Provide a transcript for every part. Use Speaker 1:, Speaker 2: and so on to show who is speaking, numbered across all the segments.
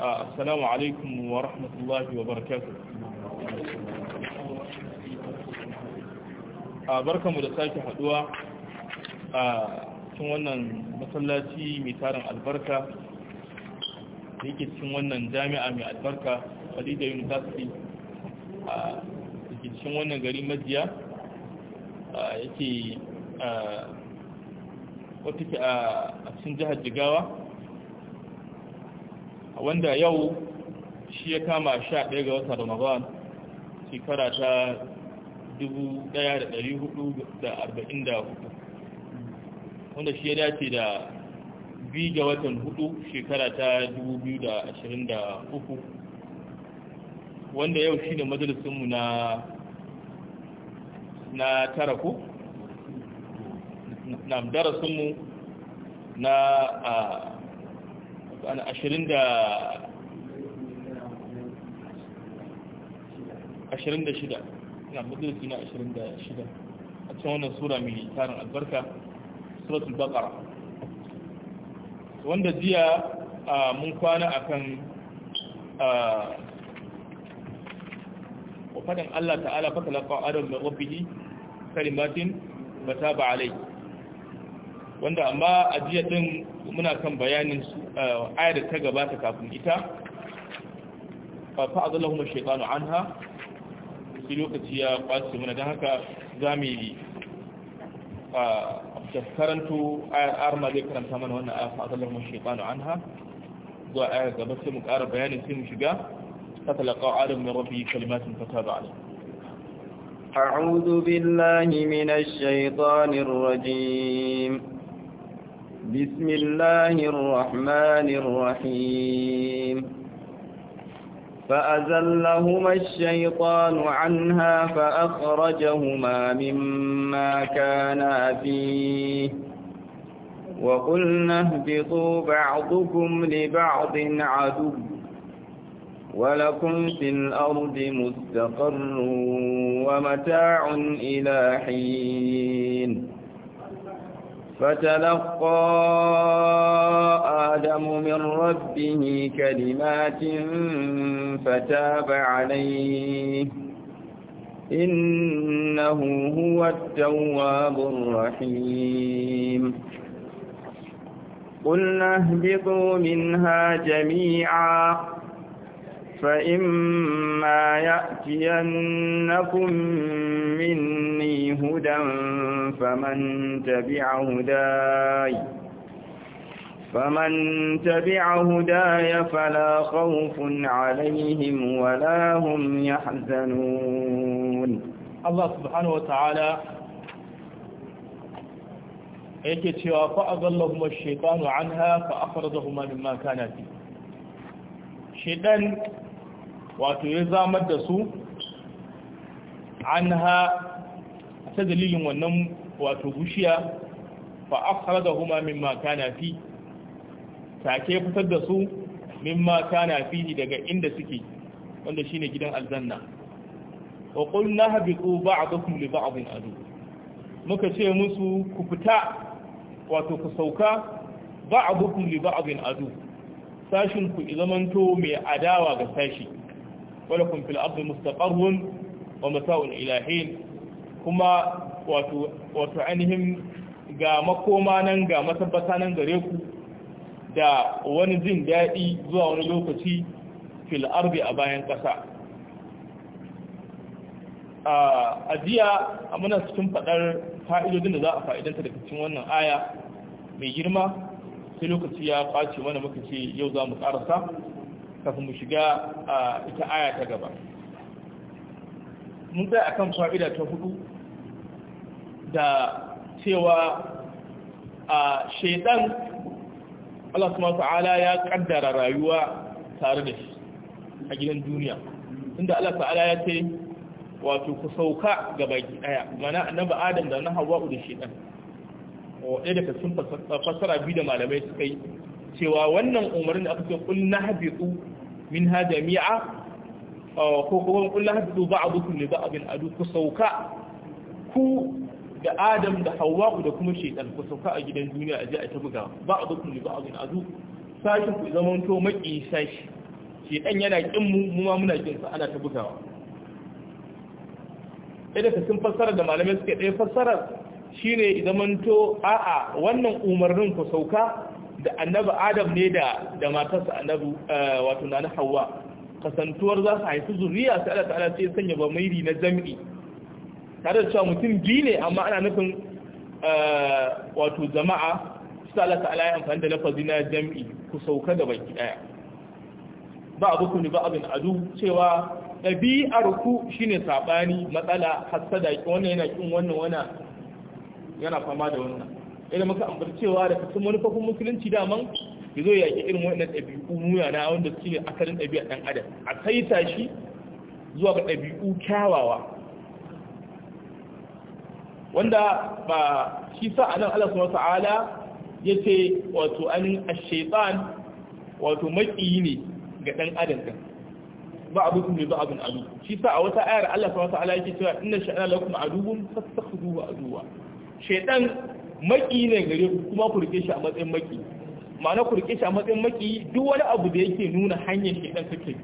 Speaker 1: assalamu alaikum wa rahmatullahi wa barakatuh a barkanmu da sake haduwa a cikin wannan masallaci mai tarin albarka da yake cikin wannan jami'a mai albarka Khadija University a cikin wannan gari majiya yake wata ke a cikin jihar Jigawa wanda yau shi ya kama sha ɗaya ga watan ramadan shekara ta 1444 wanda shi ya dace da biyu ga watan hudu shekara ta 2023 wanda yau shi ne majalisunmu na na tara ko na a. na ashirin ashirin da shida na majalisi na ashirin da shida a cikin wannan sura mai tarin albarka suratul baqara wanda jiya mun kwana akan wa faɗin Allah ta'ala fa talaqa adam min rabbih kalimatin fataba alayhi wanda amma a jiya muna kan bayanin eh, ayar ta gabata kafin ita fa azallahu shaytanu anha sai lokaci ya kwace muna don haka za mu yi a eh, karanto ayar arma zai karanta mana wannan ayar fa azallahu shaytanu anha zuwa ayar gaba sai mu ƙara bayanin sai mu
Speaker 2: shiga فتلقى آدم من ربه كلمات فتاب عليه أعوذ بالله من الشيطان الرجيم بسم الله الرحمن الرحيم فأزلهما الشيطان عنها فأخرجهما مما كانا فيه وقلنا اهبطوا بعضكم لبعض عدو ولكم في الأرض مستقر ومتاع إلى حين فتلقى آدم من ربه كلمات فتاب عليه إنه هو التواب الرحيم قلنا اهبطوا منها جميعا فإما يأتينكم مني هدى فمن تبع هداي فمن تبع هداي فلا خوف عليهم ولا هم يحزنون الله سبحانه وتعالى yake cewa
Speaker 1: الشيطان عنها anha مما كانت شيطان wato ya zamar da su an ha ta dalilin wannan wato gushiya fa da min mimma kana fi take fitar da su mimma kana fi daga inda suke wanda shine gidan aljanna wa qulna habitu ba'dukum li ba'din adu muka ce musu ku fita wato ku sauka ba'dukum li ba'din adu sashin ku izamanto mai adawa ga sashi ولكم في الأرض مستقر ومساء إلى حين كما وتعنهم ga makoma nan ga matabbata nan gare ku da wani jin daɗi zuwa wani lokaci fil arbi a bayan ƙasa a jiya a muna cikin faɗar fa'idodin da za a fa'idanta daga cikin wannan aya mai girma sai lokaci ya ƙwace mana muka ce yau za mu ƙarasa kafin mu shiga a ita aya ta gaba mun tsaya akan fa'ida ta hudu da cewa a shaidan Allah subhanahu ta'ala ya kaddara rayuwa tare da shi a gidan duniya inda Allah ta'ala ya ce wato ku sauka ga baki daya mana annabi Adam da na hawa'u da shaidan wa ɗaya daga sun fassara biyu da malamai suka yi cewa wannan umarnin aka ce kul nahbitu min ha jami'a uh, ko ba kul nahbitu ba'dukum li ba'din adu ku sauka ku da Adam da Hawwa da kuma shaytan ku sauka a gidan duniya a je a ta buga ba'dukum li ba'din adu sai ku zaman to maki sashi shaytan yana kin mu mu ma muna kin sa ana ta bugawa idan ka sun fassara da malamai suke ɗaya fassarar shine idan manto a'a wannan umarnin ku sauka da annabi adam ne da da matarsa annabi eh, wato na hawa kasantuwar za su haifi zuriya sai Allah ta'ala sai sanya bamairi na jam'i tare da cewa mutum biyu ne amma ana nufin eh, wato jama'a sai Allah ta'ala ya amfani da lafazi na jam'i ku sauka da baki daya ba abu kuni ba abin adu cewa ɗabi'ar ku shine sabani matsala hasada wannan yana kin wannan wannan yana fama da wannan irin maka ambaci cewa da kasan manufofin musulunci daman ya zo yaƙi irin waɗannan ɗabi'u muyana wanda su ne asalin ɗabi'a ɗan adam a saita shi zuwa ga ɗabi'u kyawawa wanda ba shi sa a nan Allah subhanahu Ala ya ce wato an ashaitan wato maƙiyi ne ga ɗan adam ɗin ba abu kun ne ba abin adu shi sa a wata ayar Allah subhanahu ta'ala yake cewa inna sha'ana lakum aduwwun duba aduwwa shaytan maki ne gare ku kuma ku rike shi a matsayin maki ma'ana ku rike shi a matsayin maki duk wani abu da yake nuna hanyar shedan kake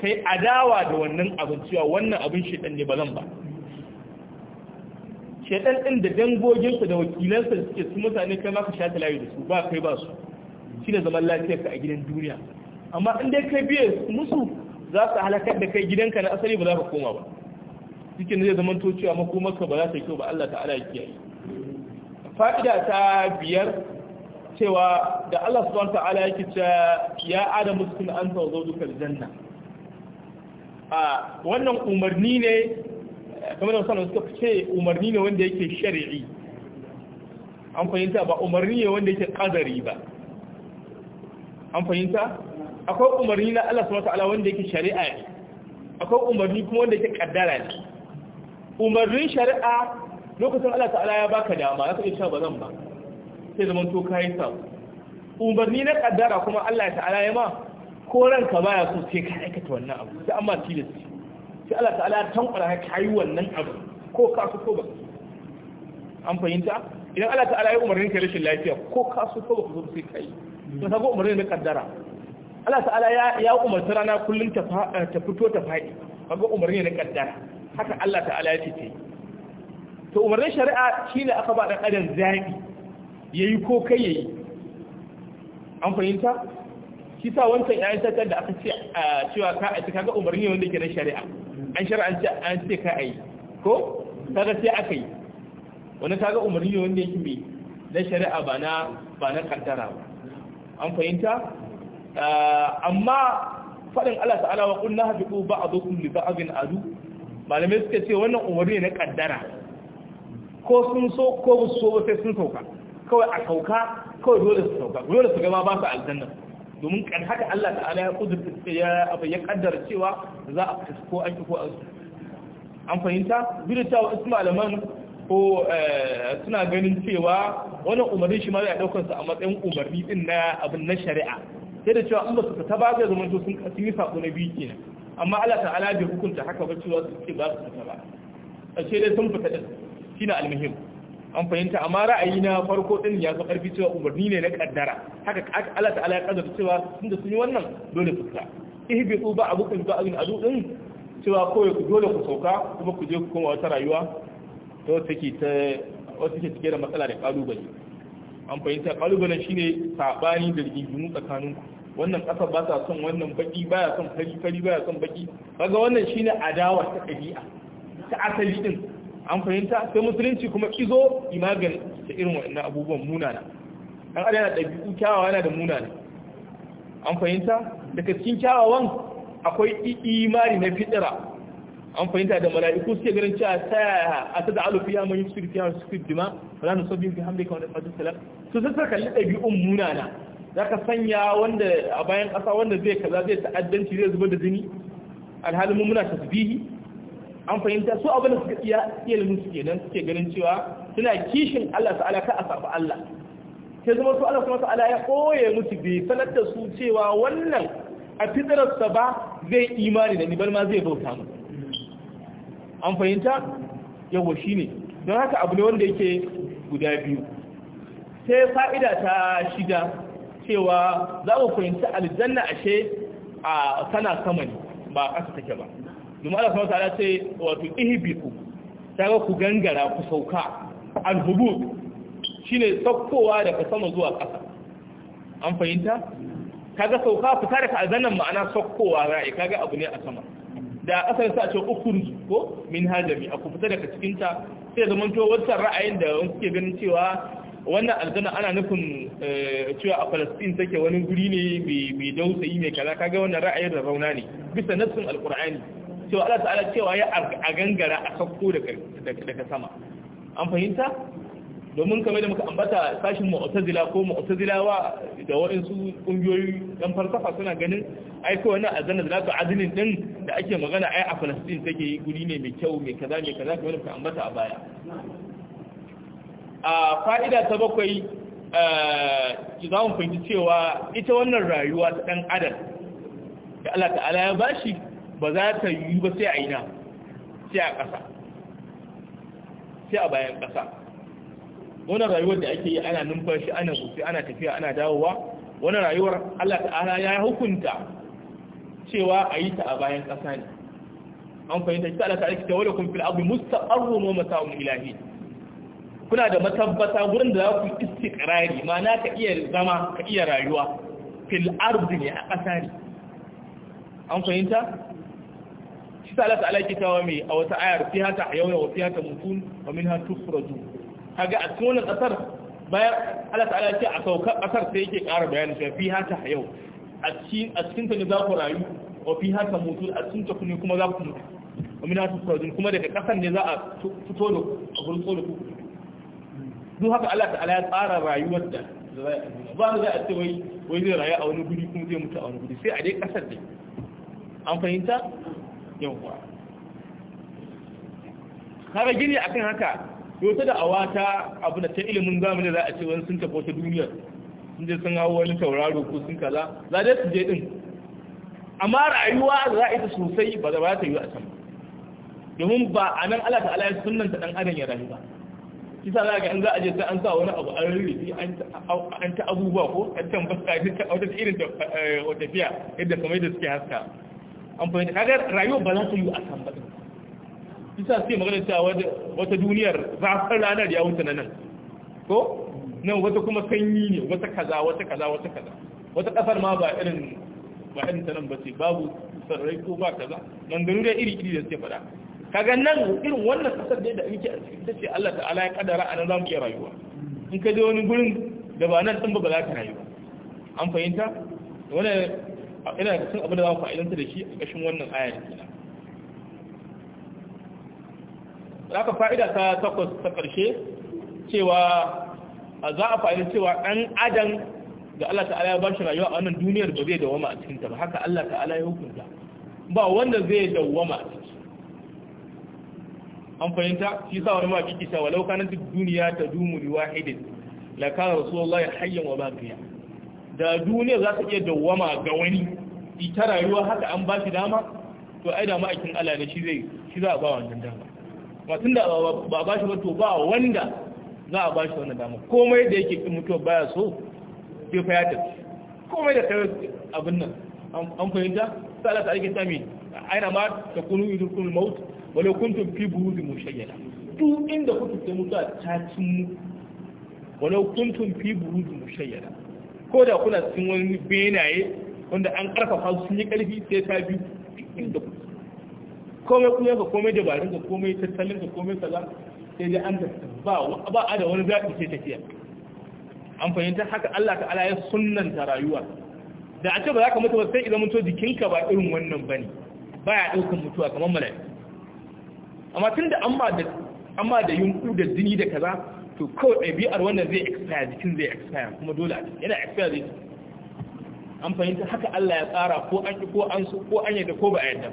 Speaker 1: kai adawa da wannan abin cewa wannan abin shedan ne ba zan ba shedan din da dangoginsa da wakilansa suke su mutane kai ma ka sha talayi da su ba kai ba su shi ne zaman lafiyar ka a gidan duniya amma in dai kai biye musu za su halakar da kai gidanka na asali ba za ka koma ba cikin zai zama to cewa makomarka ba za ta kyau ba Allah ta'ala ya kiyaye fa'ida ta biyar cewa da Allah subhanahu ta'ala yake cewa ya adamu sukun an wa zawjuka aljanna a wannan umarni ne kamar da sanan suka ce umarni ne wanda yake shari'i an fahimta ba umarni ne wanda yake kadari ba an fahimta akwai umarni na Allah subhanahu ta'ala wanda yake shari'a ne akwai umarni kuma wanda yake kaddara ne umarnin shari'a lokacin Allah ta'ala ya baka dama ya kai cewa ba zan ba sai zaman to kai sa umarni na kaddara kuma Allah ta'ala ya ma ko ranka baya so sai ka aikata wannan abu sai amma tilis sai Allah ta'ala ya tankwara ka kai wannan abu ko ka so ko ba an fahimta idan Allah ta'ala ya umarni ka rashin lafiya ko ka so ko ba ku zo sai kai ka sabo umarni na kaddara Allah ta'ala ya ya umarta rana kullun ta ta fito ta fadi kaga umarni na kaddara haka Allah ta'ala ya ce to umarnin shari'a ne aka ba da adam zabi yayi ko kai yayi an fahimta shi sa wancan yayin tattar da aka ce cewa ka aiki kaga umarni wanda ke na shari'a an shari'a an ce ka ayi ko kaga sai aka yi wani kaga umarni wanda yake mai na shari'a ba na ba na kaddara ba an fahimta amma faɗin Allah ta'ala wa qulna habiqu ba'dukum li ba'din adu malamai suka ce wannan umarni na kaddara ko sun so ko ba su so ba sai sun sauka kawai a sauka kawai dole su sauka dole su gaba ba su aljanna domin kan haka Allah ta'ala ya kudurta ya abin ya kaddara cewa za a fita ko an ko an an fahimta bi da cewa wasu malaman ko eh, suna ganin cewa wannan umarni shi ma zai daukar sa a matsayin umarni din na abin na shari'a sai da cewa an ba su fita ba zai zama to sun yi sako na biyu kenan amma Allah ta'ala bai hukunta haka ba cewa su ce ba su fita ba a ce dai sun fita din shine almuhim an fahimta amma ra'ayi na farko din ya zo karfi cewa umarni ne na kaddara haka Allah ta'ala ya kaddara cewa tunda sun yi wannan dole su fita ihbitu ba abukum ba abin adu din cewa kawai ku dole ku sauka kuma ku je ku koma wata rayuwa ta wata take ta wata take cike da matsala da kalubale an fahimta kalubalen shine sabani da rigingimu tsakanin wannan kasa ba sa son wannan baki baya son fari fari baya son baki kaga wannan shine adawa ta dabi'a ta asali din an fahimta sai musulunci kuma izo imagan da irin waɗannan abubuwan munana an yana ɗabi'u kyawawa yana da munana an fahimta daga cikin kyawawan akwai imani na fitira an fahimta da mala'iku suke ganin cewa ta yaya a ta da alufi ya manyan su fiye su sufi jima ba za su sabbin fi hamdi kawai da fadin salam su sun suka kalli ɗabi'un munana za ka sanya wanda a bayan ƙasa wanda zai kaza zai ta'addanci zai zubar da jini alhalin mummuna tasbihi an fahimta su abin da suka iya ilimin suke kenan suke ganin cewa suna kishin Allah ta'ala ka a saba Allah sai zama su Allah ta'ala ya koye musu bai sanar da su cewa wannan a fitararsa ba zai imani da ni bal ma zai bauta mu an fahimta yawa shine don haka abu ne wanda yake guda biyu sai fa'ida ta shida cewa za mu fahimci aljanna ashe a kana sama ne ba a ƙasa take ba domin Allah subhanahu wataala ce wato ta ga ku gangara ku sauka al Shi ne saukowa daga sama zuwa ƙasa an fahimta ga sauka ku tare ka azannan ma'ana saukowa Ka kaga abu ne a sama da ƙasar sa ce ukun ko min A ku fita daga cikinta, sai zaman to wancan ra'ayin da wani suke ganin cewa wannan aljanna ana nufin eh, cewa a Palestine take wani guri ne mai dausayi mai kaza kaga wannan ra'ayin da rauna ne bisa nassin alkur'ani to Allah ta'ala cewa ya a gangara a sakko daga sama an fahimta domin kamar da muka ambata sashin mu'tazila ko mu'tazilawa da waɗansu ƙungiyoyi dan falsafa suna ganin ai ko wannan azan da zaka azumin din da ake magana ai a Palestine take yi guri ne mai kyau mai kaza mai kaza kamar da muka ambata a baya
Speaker 2: a fa'ida ta bakwai eh,
Speaker 1: za mu fahimci cewa ita wannan rayuwa ta dan adam da Allah ta'ala ya bashi ba za ta yi ba sai a ina sai a ƙasa sai a bayan ƙasa wannan rayuwar da ake yi ana numfashi ana gusi ana tafiya ana dawowa wannan rayuwar Allah ta'ala ya hukunta cewa a yi ta a bayan ƙasa ne an fahimta shi Allah ta'ala kita wala kun fil ardi mustaqarrun wa mata'un ilahi kuna da matabbata gurin da za ku istiqrari ma'ana ka iya zama ka iya rayuwa fil ardi ne a ƙasa ne an fahimta shi sa Allah ta'ala yake mai a wata ayar fi hata wa fi wa minha kaga a cikin wannan kasar bayan Allah ta'ala yake a sauka kasar sai yake ƙara bayani cewa fi hata a cikin a cikin ta ne za ku rayu wa fi hata a cikin ta ne kuma za ku mutu wa minha tukhraju kuma daga kasar ne za a fito da a gurtso da ku duk haka Allah ta'ala ya tsara rayuwar da ba za a ce wai wai zai rayu a wani guri kuma zai mutu a wani guri sai a dai kasar dai an fahimta yawwa kare gini akan haka to ta da awata abu da ta ilimin zamani za a ce wani sun tafi wata duniyar sun je sun hawo wani tauraro ko sun kaza za dai su je din amma rayuwa za a yi sosai ba za ta yi a can domin ba a nan ala ta ala ya ta dan adam ya rayu ba kisa za ga in za a je sai an sa wani abu an rufe an ta abubuwa ko an tambata ta wata irin eh, tafiya yadda kamar da suke haska an fahimta kaga rayuwar ba za ta yi a kan ba isa sai magana ta wata duniyar zafin ranar ya wuce na nan ko nan wata kuma sanyi ne wata kaza wata kaza wata kaza wata kafar ma ba irin ba irin ta nan ba ce babu sarrai ko ba kaza nan da iri iri da suke faɗa kaga nan irin wannan kasar da muke a cikin ce Allah ta'ala ya kaddara za zamu iya rayuwa in ka je wani gurin da ba nan din ba ba za ka rayu an fahimta wannan ina da sun abu da za mu fa'idanta da shi a ƙashin wannan ayar Da aka fa'ida ta takwas ta ƙarshe cewa za a fa'ida cewa ɗan adam da Allah ta'ala ya ba shi rayuwa a wannan duniyar ba zai dawama a cikinta ba haka Allah ta'ala ya hukunta ba wanda zai dawama a ciki an fahimta shi sa wani mafi kisa walau kanan duk duniya ta dumu liwahidin la kana rasulullahi hayyan wa baqiya da duniya za ta iya dawwama ga wani ita rayuwa haka an ba shi dama to ai da ma'aikin Allah ne shi zai shi za a ba wannan dama ba tunda ba ba shi ba to ba wanda za a ba shi wannan dama komai da yake kin mutuwa baya so sai fa ya tafi komai da kai abin nan an fahimta sai Allah ta ake sami aina ma ta kunu idukul maut wala kuntum fi burudi mushayyala duk inda kuke mutuwa ta cin mu wala kuntum fi burudi mushayyala ko da kuna cikin wani benaye wanda an karfafa sun yi karfi sai ta bi inda ku komai kuma ka komai dabarun ka komai tattalin ka komai kaza sai dai an ba ba a da wani zaɓi sai tafiya an fahimta haka Allah ta'ala ya ta rayuwa da a ce ba za ka mutu ba sai idan mutu jikinka ba irin wannan bane baya ɗaukan mutuwa kamar mala'i amma tun da amma da amma da yunku da jini da kaza to kawai ɗabi'ar wannan zai expire jikin zai expire kuma dole yana expire zai an fahimta haka Allah ya tsara ko an ko an su ko an yadda ko ba a yadda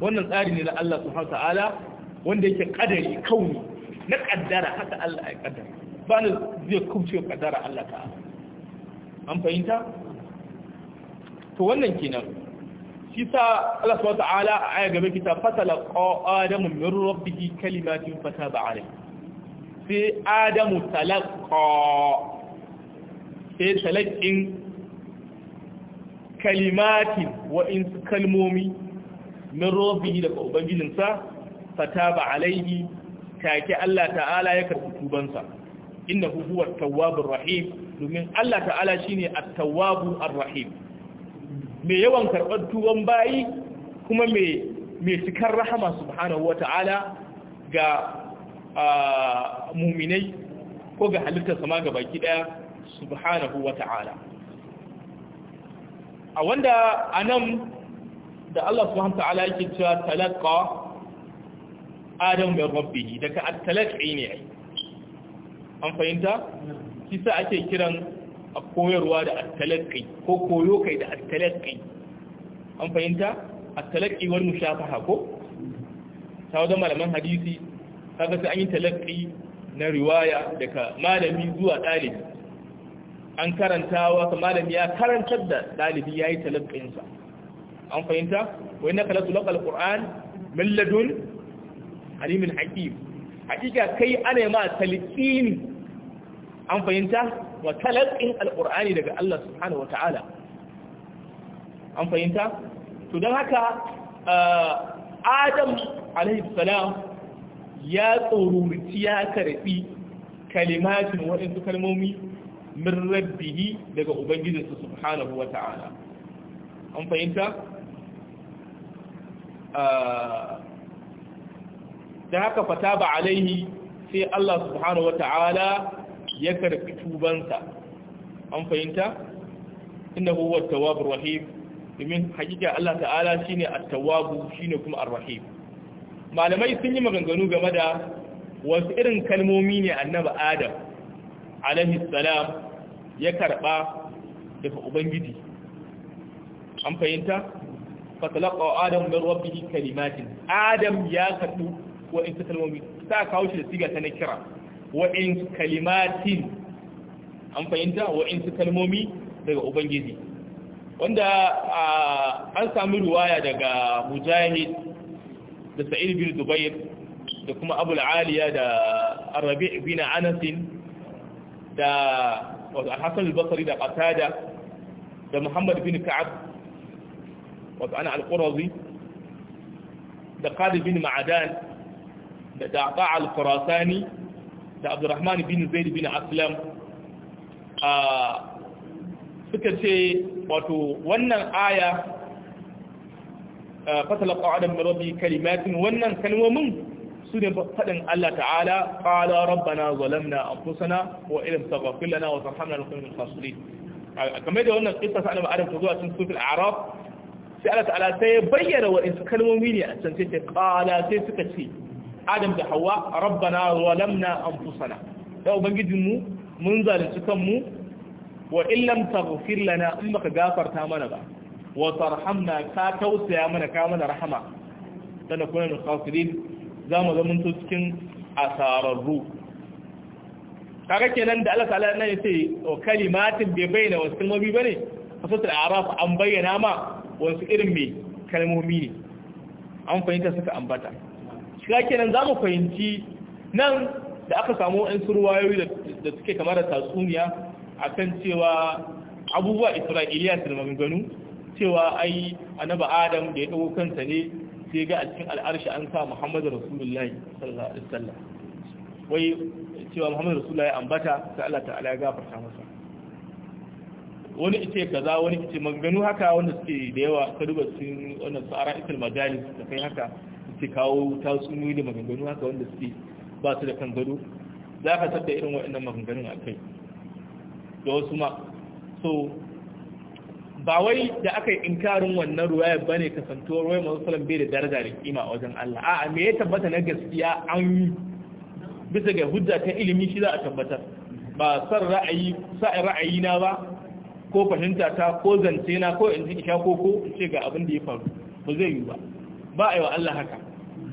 Speaker 1: wannan tsari ne na Allah subhanahu ta'ala wanda yake kadari kauni na kaddara haka Allah ya kaddara ba ne zai kubce kaddara Allah ta an fahimta to wannan kenan shi sa Allah subhanahu ta'ala a aya gaba kita fatala qadamu min rabbihi kalimatin fataba alayhi sai adamu talakko sai talakkin kalimatin wa'insu kalmomi min robihi daga ubangijinsa fata taba alaihi take Allah ta'ala ya karɓi tubansa inna huwa tawwabur rahim domin Allah ta'ala shine at-tawwabu ar-rahim mai yawan karɓar tuban bayi kuma mai me cikar rahama subhanahu wata'ala ga muminai ko ga halittar sama ga baki daya subhanahu wa ta'ala a wanda anan da Allah subhanahu wa ta'ala yake cewa talaqa adam bi rabbih daga at-talaqi ne ai an fahimta kisa ake kiran a koyarwa da at-talaqi ko koyo kai da at-talaqi an fahimta at-talaqi wal mushafaha ko ta wajen malaman hadisi kaga sai an yi talaqi na riwaya daga malami zuwa ɗalibi an karanta ka malami ya karantar da ɗalibi ya yi talaqinsa an fahimta wa inna kala tulaqa alquran min ladun alimin hakim hakika kai ana ma talqini an fahimta wa talaqin alqurani daga Allah subhanahu wa ta'ala an fahimta to dan haka ah, adam alaihi salam ya tsorurci ya karɓi kalimatin waɗansu kalmomi min rabbihi daga ubangijinsa subhanahu wa ta'ala an fahimta? Ah, da haka fata ba alaihi sai Allah subhanahu wa ta'ala ya karɓi tubansa an fahimta? inda huwa tawabu rahim domin hakika Allah ta'ala shine tawabu shi ne kuma a rahim malamai sun yi maganganu game da wasu irin kalmomi ne annabi adam alaihi salam ya karba daga ubangiji an fahimta fatalaqa adam min rabbihi kalimatin adam ya karbi wa in kalmomi ta kawo shi da siga ta nakira wa in kalimatin an fahimta wa in kalmomi daga ubangiji wanda ah, an samu ruwaya daga mujahid da sa'id bin zubair da kuma abul aliya da arabi bin anas da wato al-hasan al-basri da qatada da muhammad bin ka'ab wato ana al-qurazi da qadi bin ma'adan da daqa al-qurasani da abdurrahman bin zaid bin aslam a ah, suka ce wato wannan aya fatalaka adam min rabbi kalimatin wannan kalmomin su ne faɗin Allah ta'ala ƙala, rabbana zalamna anfusana wa illam taghfir lana wa tarhamna lanakunanna minal khasirin kamar da wannan kissa sa annabi adam ta zuwa cikin suratul a'raf sai Allah ta'ala sai bayyana wa insu kalmomi ne a can sai qala sai suka ce adam da hawa rabbana zalamna anfusana da ubangijinmu mun zalunci kanmu wa illam taghfir lana in baka gafarta mana ba wata tarhamna ka tausaya mana ka mana rahama sana kuna da khasirin za mu zama cikin asararru kaga kenan da Allah ta'ala nan yace kalimatin bai bayyana wasu kalmomi bane fasatul a'raf an bayyana ma wasu irin me kalmomi ne an fahimta suka ambata shiga kenan za mu fahimci nan da aka samu ɗan surwayoyi da suke kamar da tatsuniya akan cewa abubuwa isra'iliya su da maganganu cewa ai annabi adam da ya dauko kansa ne sai ga a cikin al'arshi an sa muhammadu rasulullahi sallallahu alaihi wasallam wai cewa muhammadu rasulullahi ambata sai Allah ta'ala ya gafarta masa wani ice kaza wani ice maganganu haka wanda suke da yawa ka duba cikin wannan tsara ikil majalis da kai haka suke kawo tatsuniyoyi da maganganu haka wanda suke ba su da kan gado za ka tattara irin waɗannan maganganun a kai da wasu ma so ba wai da aka yi inkarin wannan ruwaya ba ne kasantuwar ruwayar masu bai da daraja da kima a wajen Allah a me ya tabbata na gaskiya an yi bisa ga hujja ta ilimi shi za a tabbatar ba san ra'ayi sa'in ra'ayi na ba ko fahimta ta ko zance na ko in ji isha ko ko in ce ga abin da ya faru ba zai yi ba ba a yi wa Allah haka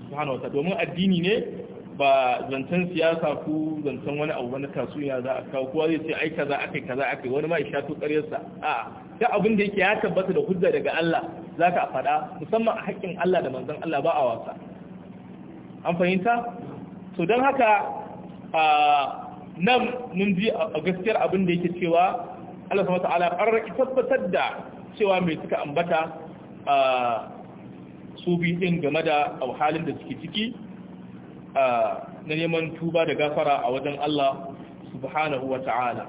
Speaker 1: subhanahu domin addini ne ba zancen siyasa ko zancen wani abu wani kasuwa za a kawo kowa zai ce ai kaza akai kaza akai wani ma ya shato ƙaryarsa a ta abin da yake ya tabbata da hujja daga Allah za ka faɗa musamman a haƙƙin Allah da manzon Allah ba a wasa an fahimta to don haka a nan mun ji a gaskiyar abin da yake cewa Allah sama ta'ala ƙarraki tabbatar da cewa mai suka ambata a su bi din game da halin da suke ciki na neman tuba da gafara a wajen Allah subhanahu wa ta'ala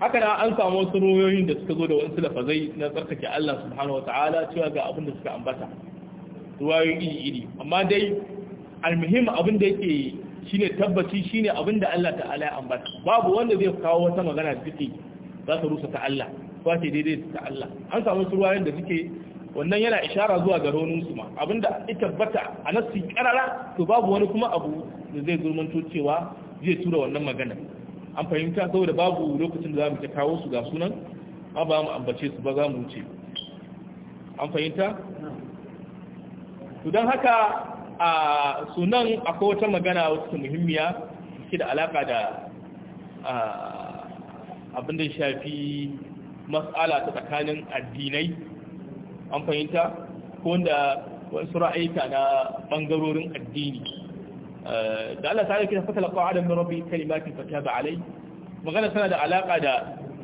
Speaker 1: haka na an samu wasu ruyoyin da suka zo da wasu lafazai na tsarkake Allah subhanahu wa ta'ala cewa ga abin da suka ambata ruwayoyi iri-iri amma dai almuhim abin da yake shine tabbaci shine abin da Allah ta'ala ya ambata babu wanda zai kawo wata magana da take za ta rusa ta Allah ko ta daidai ta Allah an samu wasu ruwayoyin da suke wannan yana ishara zuwa ga raunin su ma abinda ita tabbata a nassi karara to babu wani kuma abu da zai gurmanto cewa zai tura wannan magana an fahimta saboda babu lokacin da za mu ta kawo su ga sunan ba ba mu ambace su ba za mu wuce an fahimta to don haka a sunan akwai wata magana wata muhimmiya ke da alaka da abin da shafi mas'ala ta tsakanin addinai an fahimta ko wanda wasu ra'ayika na bangarorin addini eh, da Allah ta yake fata laqa adam min rabbi kalimati ba alai magana tana da alaƙa da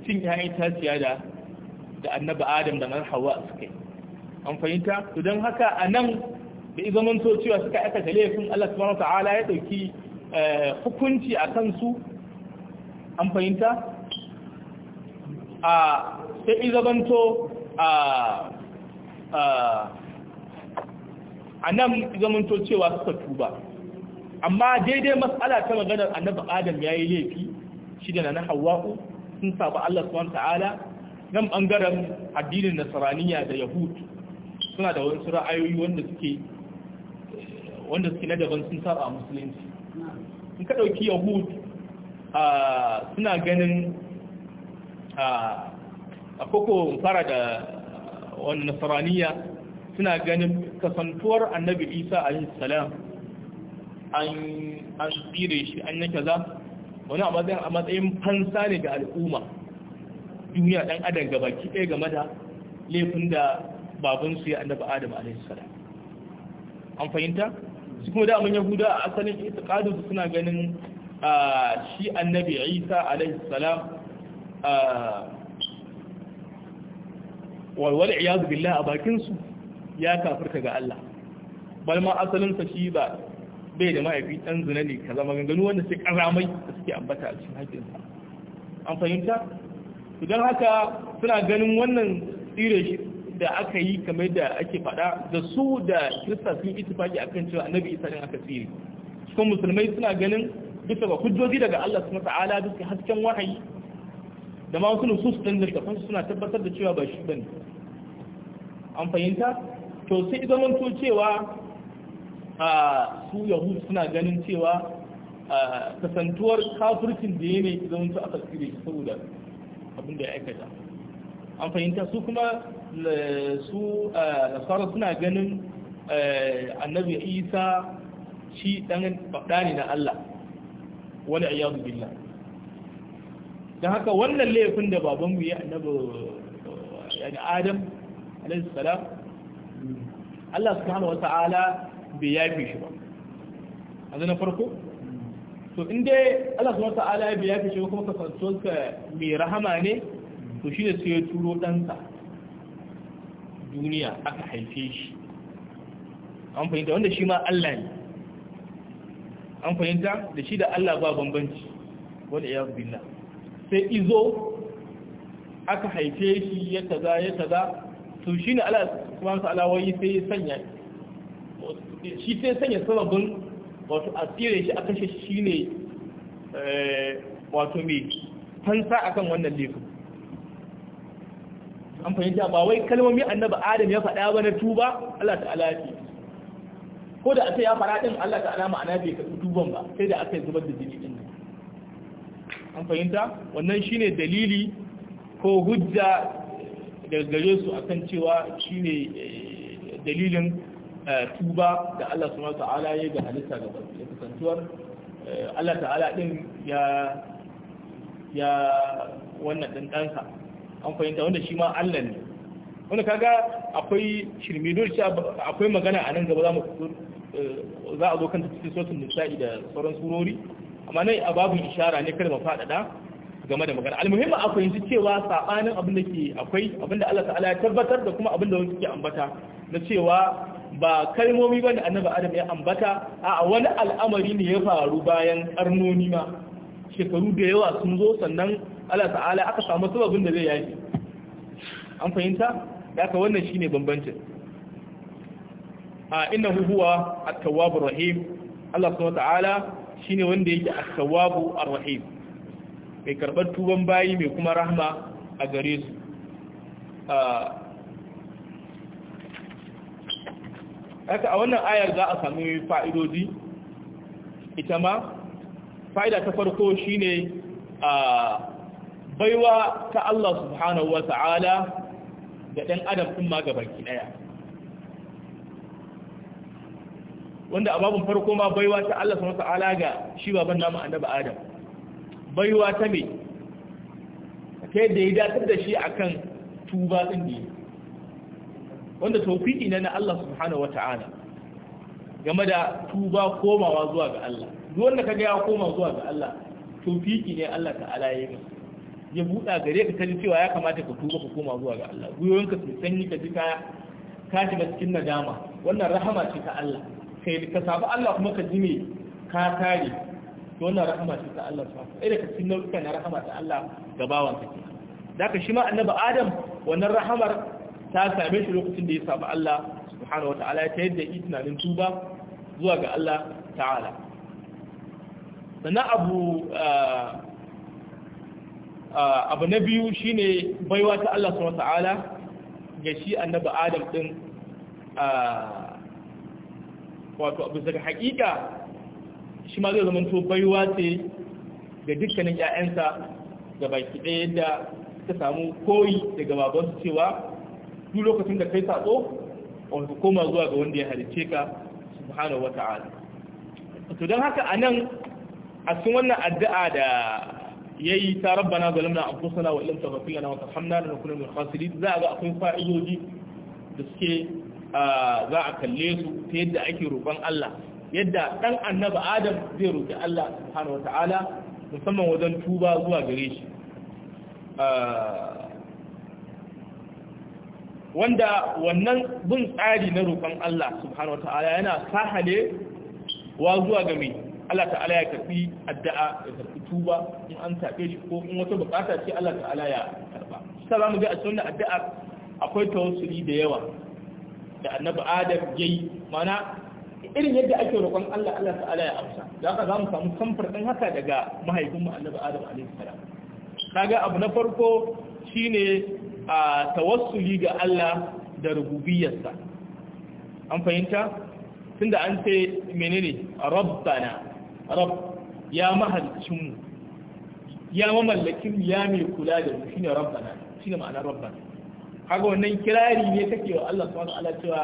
Speaker 1: cin yayin tasiya da da annaba adam da nan hawa suke. an fahimta to don haka a nan, da izaman to cewa suka ta laifin Allah subhanahu ta'ala ya dauki eh, hukunci a kansu an fahimta a sai izabanto a a nan zamanto cewa suka tuba amma daidai matsala ta maganar annabi adam ya yi laifi shi da na hawa'u sun saba Allah subhanahu ta'ala nan ɓangaren addinin nasaraniya da yahud suna da wasu ra'ayoyi wanda suke wanda suke na daban sun saba musulunci in ka yahud suna ganin a koko fara da wani nasaraniya suna ganin kasantuwar annabi isa alaihissalam an tsire shi an yake za wani a matsayin fansa ne da al'umma duniya ɗan adam gaba kiɗe game da laifin da babansu ya annabi adam alaihissalam an fahimta su kuma damun yahuda a asalin itikadu suna ganin ah, shi annabi isa alaihissalam ah, walwal iyadu billah a su ya kafirta ga Allah bal ma asalin sa shi ba bai da ma'aifi dan zina ne zama gangano wanda sai karamai da suke ambata a cikin sa an fahimta dan haka suna ganin wannan tsire shi da aka yi kamar da ake fada da su da kirista sun itifaki akan cewa annabi isa din aka tsire kuma musulmai suna ganin bisa ga hujjoji daga Allah subhanahu wa ta'ala duk hasken wahayi da ma wasu nusus ɗin littafin suna tabbatar da cewa ba shi ba ne an fahimta to sai to cewa a su yahu suna ganin cewa kasantuwar kafircin da ya ne zamanto aka tsire shi saboda abin da ya aikata an fahimta su kuma su nasara suna ganin annabi isa shi ɗan ɗani na Allah wani ayyadu billah Da haka wannan laifin da babanmu ya annabi yani adam alaihi salam Allah subhanahu wata'ala bai yafe shi ba a na farko to dai Allah subhanahu wata'ala bai yafe shi kuma ka mai rahama ne to shi da sai ya turo ɗansa duniya aka haife shi an fahimta wanda shi ma Allah ne an fahimta da shi da Allah ba bambanci wani iya billah sai izo aka haife shi ya kaza ya kaza to shi ne kuma subhanahu ta'ala wai sai ya sanya shi sai sanya sababin wato asire shi aka shi ne eh, wato mai fansa akan wannan laifin an fahimta ba wai kalmomi annabi adam ya faɗa ba na tuba Allah ta'ala ya ce ko da aka ya faɗa din Allah ta'ala ma'ana bai ka tuban ba sai da aka zubar da jini din an fahimta wannan shine dalili ko hujja da gare su akan cewa shine eh, dalilin eh, tuba da Allah subhanahu ta'ala ya ga halitta gaba ya kasantuwar eh, Allah ta'ala din ya ya wannan din an fahimta wanda shi ma Allah ne wanda kaga akwai shirme dole akwai magana a nan gaba za mu za a zo kan cikin sosin nisa'i da sauran surori amma nai a babu ishara ne kada mu faɗaɗa game da magana almuhimmi akwai yanzu cewa sabanin abin da ke akwai abin da Allah ta'ala ya tabbatar da kuma abin da wani suke ambata na cewa ba kalmomi bane annabi Adam ya ambata a wani al'amari ne ya faru bayan karnoni ma shekaru da yawa sun zo sannan Allah ta'ala aka samu sababin da zai yafi an fahimta da aka wannan shine bambancin a innahu huwa at-tawwabur rahim Allah subhanahu wa ta'ala shine wanda yake as-sawwabu ar-rahim mai karbar tuban bayi mai kuma rahma a gare su haka a wannan ayar za a sami fa'idodi ita ma fa'ida ta farko shine a baiwa ta Allah subhanahu wa ta'ala da ɗan adam kuma ga baki ɗaya wanda a babin farko ma baiwa ta Allah subhanahu ta'ala ga shi baban namu annabi Adam baiwa ta me ta yadda ya datar da shi akan tuba din ne wanda tawfiqi ne na Allah subhanahu wataala game da tuba komawa zuwa ga Allah duk wanda kaga ya koma zuwa ga Allah tawfiqi ne Allah ta'ala ya yi ya buɗa gare ka kan cewa ya kamata ka tuba ka koma zuwa ga Allah guyoyinka sun sanyi ka jika ka shiga cikin nadama wannan rahama ce ta Allah kai ka sabu Allah kuma ka ji ka tare to wannan rahama ce ta Allah subhanahu wa ta'ala da cikin nau'ukan na rahama ta Allah ga bawan ka ke daga shi ma annabi Adam wannan rahamar ta same shi lokacin da ya sabu Allah subhanahu wa ta'ala ta yadda yi tunanin tuba zuwa ga Allah ta'ala sannan abu ah, ah, abu na biyu shine baiwa ta Allah subhanahu wataala ga shi annabi Adam din a ah, wato abu daga hakika shi ma zai zama to baiwa ce ga dukkanin ƴaƴansa da baki ɗaya yadda ta samu koyi daga babansu cewa duk lokacin da kai sako wato koma zuwa ga wanda ya halice ka subhanahu wata'ala to don haka anan a cikin wannan addu'a da yayi ta rabbana zalamna anfusana wa illam taghfir lana wa tarhamna lanakunanna min khasirin za a ga akwai fa'idodi da suke za a kalle su ta yadda ake roƙon Allah yadda ɗan annaba adam zai roƙi Allah subhanahu wata'ala musamman wajen tuba zuwa gare shi wanda wannan bin tsari na roƙon Allah subhanahu wata'ala yana sahale wa zuwa ga mai Allah ta'ala ya karbi addu'a ya karbi tuba in an taɓe shi ko in wata bukata ce Allah ta'ala ya karba sai za mu ga a cikin addu'a akwai tawassuli da yawa da annabi adam yayi mana irin yadda ake roƙon Allah Allah ta'ala ya amsa za ka zamu samu kamfar din haka daga mahaifin mu annabi adam alaihi salam kaga abu na farko shine a tawassuli ga Allah da rububiyarsa an fahimta tunda an ce menene rabbana rabb ya mahalicin ya mamallakin ya mai kula da mu shine rabbana shine ma'anar rabbana kaga wannan kirari ne kake wa Allah subhanahu wa ta'ala cewa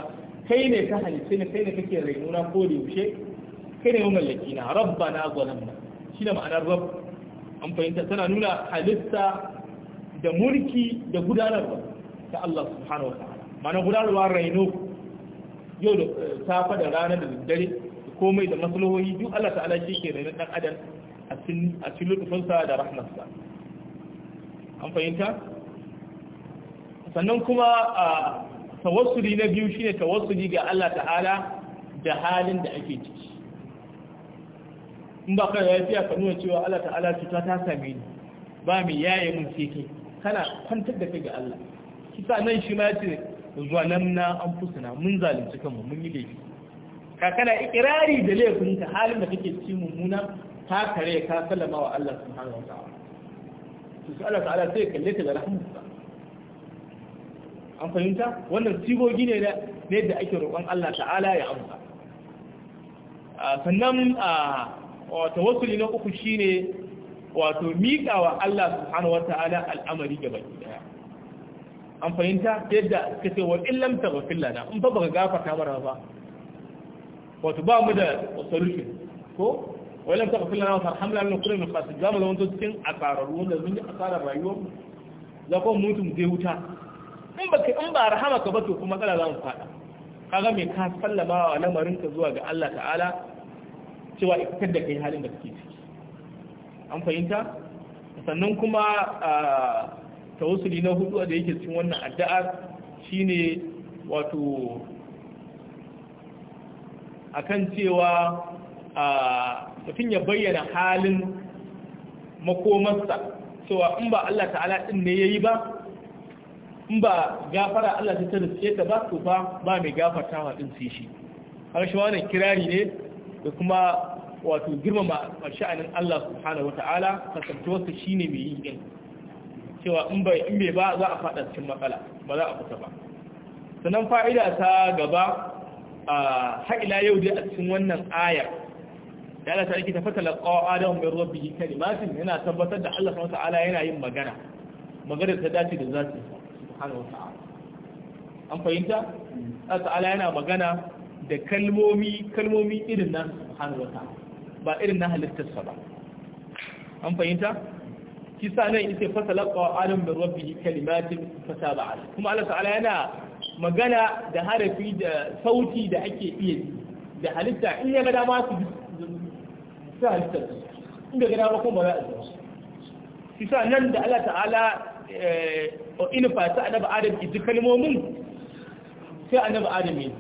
Speaker 1: kai ne ka halice ne kai ne kake rainuna ko da yaushe kai ne mallaki na rabbana zalamna shine ma'anar rabb an fahimta tana nuna halitta da mulki da gudanarwa ta Allah subhanahu wa ta'ala ma'ana gudanarwa raino yau da eh, safa da rana da daddare komai da maslahohi duk Allah ta'ala shi ke raino dan adam a cikin lutufinsa da rahmarsa an fahimta sannan kuma tawassuli na biyu shine tawassuli ga Allah ta'ala da halin da ake ciki in ba ka lafiya ka nuna cewa Allah ta'ala cuta ta same ni ba mai yaye mun sai kai kana kwantar da kai ga Allah kisa nan shi ma yace an fusuna, mun zalunci kanmu mun yi laifi ka kana ikirari da laifin ka halin da kake cikin mummuna ka kare ka sallama wa Allah subhanahu wa ta'ala to Allah ta'ala sai kalle ka da rahmu an fahimta wannan sigogi ne da yadda ake roƙon Allah ta'ala ya amsa sannan wasu na uku shine wato miƙawa Allah subhanahu ta'ala al'amari gaba daya an fahimta yadda suka ce wa illam taghfir lana in ba baka gafarta mana ba wato ba mu da solution ko wa illam taghfir lana wa tarhamna lan nakuna min khasirin zamu zama cikin asararru wanda mun asara rayuwa. za ko mutum zai wuta in baka in ba rahama ka ba to kuma matsala za mu fada kaga me ka sallama wa lamarin ka zuwa ga Allah ta'ala cewa ikar da kai halin da kake ciki an fahimta sannan kuma tawassuli na hudu da yake cikin wannan addu'a shine wato akan cewa mutum ya bayyana halin makomarsa cewa in ba Allah ta'ala din ne yayi ba in ba gafara Allah ta tarike ka ba to ba ba mai gafarta wa din sai shi har wannan kirari ne da kuma wato girmama a sha'anin Allah subhanahu wataala kasantuwarsa ne mai yin din cewa in bai ba za a faɗa cikin matsala ba za a fita ba sannan fa'ida ta gaba a haƙila yau dai a cikin wannan aya da Allah ta rikita fatala qawa mai min rabbihi kalimatin yana tabbatar da Allah subhanahu wataala yana yin magana magana ta dace da zati subhanahu wa ta'ala an fahimta Allah ta'ala yana magana da kalmomi kalmomi irin na subhanahu wa ta'ala ba irin na halittarsa ba an fahimta kisa nan ita fasalaqa adam bi rabbih kalimatin fataba alai kuma Allah ta'ala yana magana da harafi da sauti da ake iya ji da halitta in ya ga dama su su halitta in ga dama kuma ba za a ji shi sa nan da Allah ta'ala eh, o ina fata annabi adam ki ji kalmomin sai annabi adam ya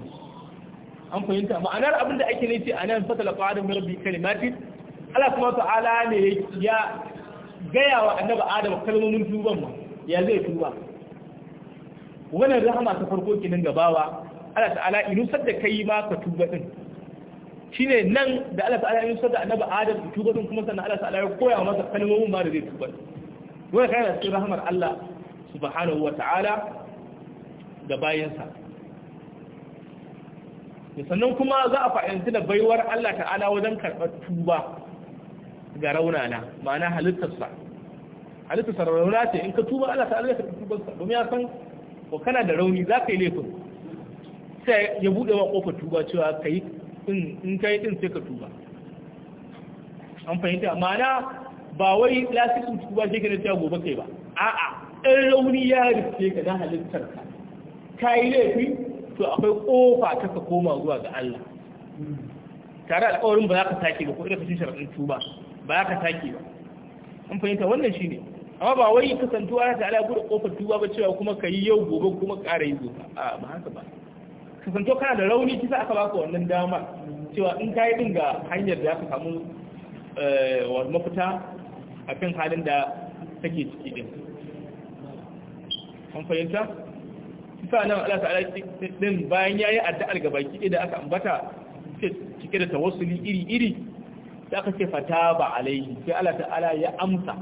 Speaker 1: an fahimta ma'anar abin da ake nufi a nan fatala adam rabbi kalimatin Allah kuma ta'ala ne ya gaya wa annabi adam kalmomin tuban ma ya zai tuba wannan rahama ta farko kinin gabawa Allah ta'ala inusar da kai ma ka tuba din shine nan da Allah ta'ala ya nusar da annabi Adam tuba din kuma sannan Allah ta'ala ya koya masa kalmomin ma da zai tuba wannan kai da cikin rahamar Allah subhanahu wa ta'ala da bayansa sannan kuma za a fahimci da baiwar Allah ta'ala wajen karɓar tuba ga raunana ma'ana halittarsa halittarsa rauna ce in ka tuba Allah ta'ala ya karɓi tubansa domin ya san ko kana da rauni za ka yi laifin sai ya buɗe wa ƙofar tuba cewa ka yi in ka yi ɗin sai ka tuba an fahimta ma'ana ba wai lasisin tuba shi ke na cewa gobe kai ba a'a Ɗan rauni ya rufe ka na halittar ka ka yi laifi to akwai kofa ta ka koma zuwa ga Allah tare alƙawarin ba za ka sake ba ko irin kashin sharaɗin tuba ba za ka sake ba an fahimta wannan shi ne amma ba wai kasantuwa na ta buɗe ƙofar tuba ba cewa kuma ka yi yau gobe kuma ƙara yi gobe a ba haka ba kasanto kana da rauni kisa aka baka wannan dama. cewa in ka yi din ga hanyar da aka samu eh, mafita a kan halin da take ciki din an su sa nan Allah ta'ala din bayan yayi addu'ar ga baki da aka ambata cike da tawassuli iri iri da aka ce fataba alaihi sai Allah ta'ala ya amsa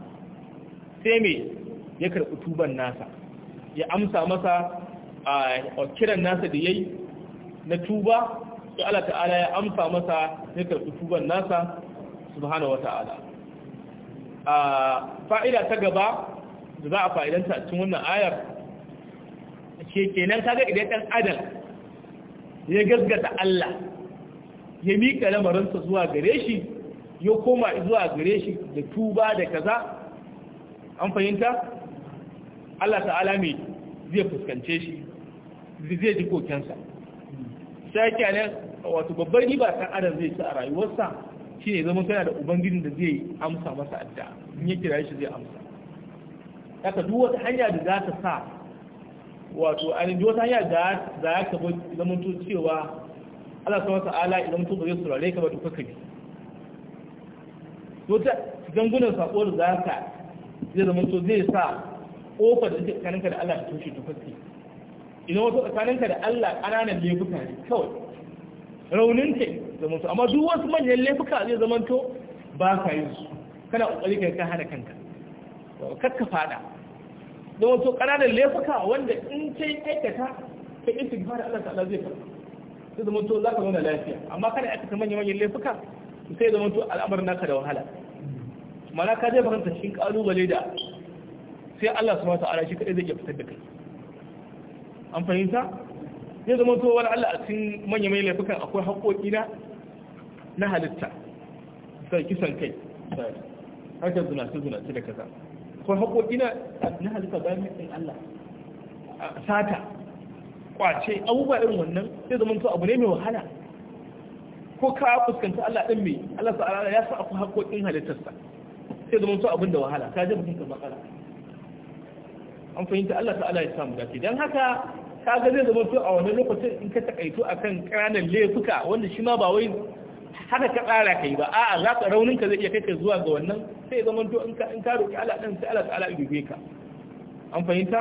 Speaker 1: sai me ya karbi tuban nasa ya amsa masa a kiran nasa da yayi na tuba sai Allah ta'ala ya amsa masa ya karbi tuban nasa subhanahu wata'ala a fa'ida ta gaba da za a fa'idanta cikin wannan ayar ke kenan kaga idan ɗan adam ya gaskata Allah ya miƙa lamarinsa zuwa gare shi ya koma zuwa gare shi da tuba da kaza an fahimta Allah ta'ala mai zai fuskance shi zai ji kokensa sai kenan wato babbar riba ɗan adam zai ci a rayuwarsa shi ne zama kana da ubangijin da zai amsa masa adda in ya kira shi zai amsa haka duk wata hanya da za ta sa wato ainihin wata hanyar da ya zaman to cewa Allah sama ta'ala idan mutum ba zai saurare ka ba to kaka bi to ta gangunan sako da za ka zai to zai sa ƙofar da take tsakaninka da Allah ta toshe duka idan wasu tsakaninka da Allah ƙananan laifuka ne kawai raunin zaman to amma duk wasu manyan laifuka zai to ba ka yi su kana ƙoƙari ka hana kanka kakka fada da wato ƙananan laifuka wanda in ce aikata ta ka da Allah ta'ala zai fara sai zama to ka zauna lafiya amma kada aka aikata manyan manyan laifuka sai zama to al'amarin naka da wahala mana ka zai fahimta shi ƙalubale da sai Allah mata ta'ala shi kaɗai zai iya fitar da kai an fahimta zai zama to wani Allah a cikin manyan manyan laifukan akwai haƙoƙi na na halitta sai kisan kai sai harkar zuna zuna da kaza ko haƙoƙi na halitta bayan mutum Allah sata kwace abubuwa irin wannan sai zama to abu ne mai wahala ko ka fuskanta Allah ɗin mai Allah ta'ala ya sa akwai haƙoƙin halittarsa sai zama to abin da wahala ka je mutum ka matsala an fahimta Allah ta'ala ya samu dace dan haka ka ga zai zama to a wannan lokacin in ka takaito akan ƙananan laifuka wanda shi ma ba wai haka ka tsara kai ba a'a za ka raunin ka zai iya kai ka zuwa ga wannan sai zaman to in ka in ka roki Allah din sai Allah ta'ala ya ka an fahimta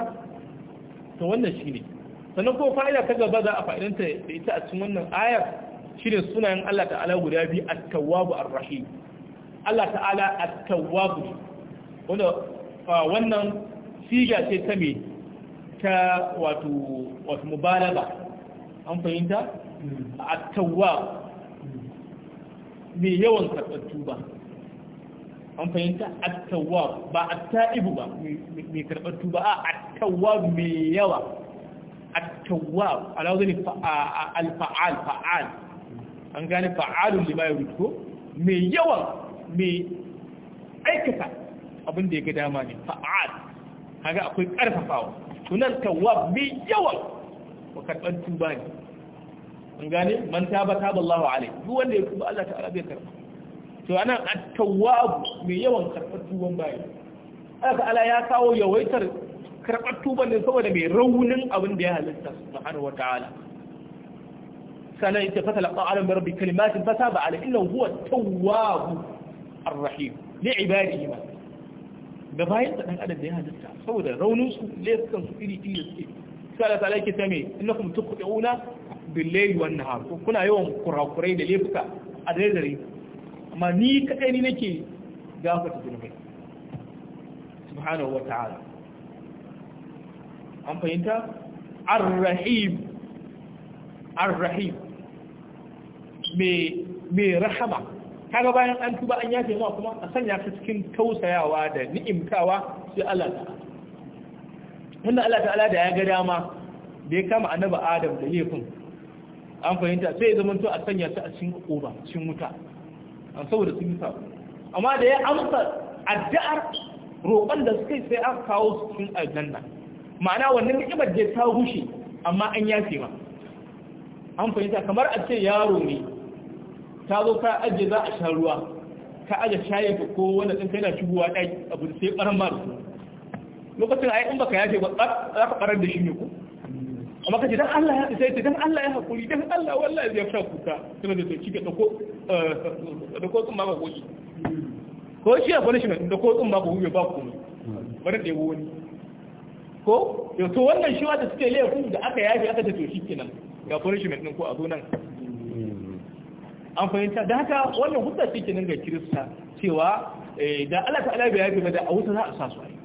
Speaker 1: to wannan shine sannan ko fa'ida ta gaba za a fa'idanta da ita a cikin wannan ayar shine sunayen Allah ta'ala guda biyu at-tawwabu ar-rahim Allah ta'ala at-tawwabu wanda wannan siga ce ta me ta wato wato mubalaga an fahimta hmm. at-tawwab mai yawan karɓar tuba an fahimta attawab ba atta'ibu ba mai karɓar tuba a attawab mai yawa a alawo zane alfa'al fa'al an gane fa'alun lima ya rutko mai yawa mai aikata abin da ya ga dama ne fa'al haga akwai ƙarfafawa sunan tawab mai yawan wa karɓar tuba ne an gane man taba taba Allahu alaihi duk wanda ya tuba Allah ta'ala zai karba to anan at-tawwab mai yawan karɓar tuban bayi Allah ta'ala ya kawo yawaitar karɓar tuban ne saboda mai raunin abin da ya halitta subhanahu wata'ala sanan ita fa talaqa ala rabbi kalimatin fa taba alaihi innahu huwa at-tawwab ar-rahim li ibadihi ma da bayan da dan adam da ya halitta saboda raunin su laifukan su iri iri suke sai Allah ta'ala yake ta me innakum tuqti'una billahi wan nahar kuna yawan kurakurai da laifuka a dare dare amma ni kadai ni nake gafarta zunubai subhanahu wata'ala an fahimta ar-rahim ar-rahim me me rahama kaga bayan an tuba an yafe ma kuma a sanya ta cikin tausayawa da ni'imtawa sai Allah ta'ala Allah ta'ala da ya ga dama da ya kama annabi Adam da laifin an fahimta sai ya zama to a sanya ta a cikin ƙoba cikin wuta an saboda sun yi sa amma da ya amsa addu'ar roƙon da suka yi sai an kawo su cikin aljanna ma'ana wannan ni'imar da ta rushe amma an yafe ma an fahimta kamar a ce yaro ne ta zo ka aje za a sha ruwa ka aje shayin ka ko wanda sun kai na shigowa ɗaki abu sai ɓaran ma lokacin a yi in baka yafe ba za ka ɓarar da shi ne ko amma kace dan Allah ya sai dan Allah ya hakuri dan Allah wallahi zai fara kuka tana da ki ga dako eh, dako tsun ba ko yi ko shi a punishment dako tsun ba ko yi ba ku ne bare da yabo ne ko yo to wannan shi wata suke laifi da aka yafi aka ta to shi kenan ga punishment din ko a zo nan an fahimta da haka wannan hujja ce kenan ga Kirista cewa eh, da Allah ta'ala bai yafi ba da a wuta za a sa su ai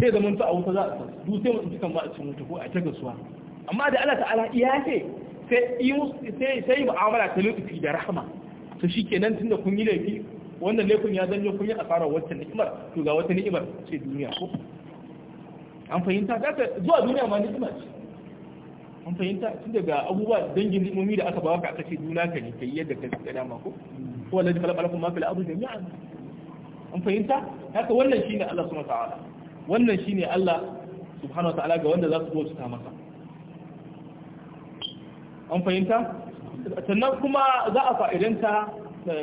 Speaker 1: sai zaman ta a wuta za a du sai mutum kan ba a cin wuta ko a ta gasuwa amma da Allah ta'ala iya ce sai sai sai mu'amala ta lutfi da rahama to shikenan tunda kun yi laifi wannan laifin ya zanjo kun yi asara wata ni'imar to ga wata ni'imar ce duniya ko an fahimta za ka zuwa duniya ma ni'ima ce an fahimta tun daga abubuwa dangin ni'imomi da aka bawaka aka ce duna ka ne kai yadda ka ga dama ko wallahi kala kala kuma fil ardi jami'an an fahimta haka wannan shine Allah subhanahu wa ta'ala wannan shi ne Allah subhanahu ta'ala ga wanda za su bauta masa an fahimta sannan kuma za a fa'idanta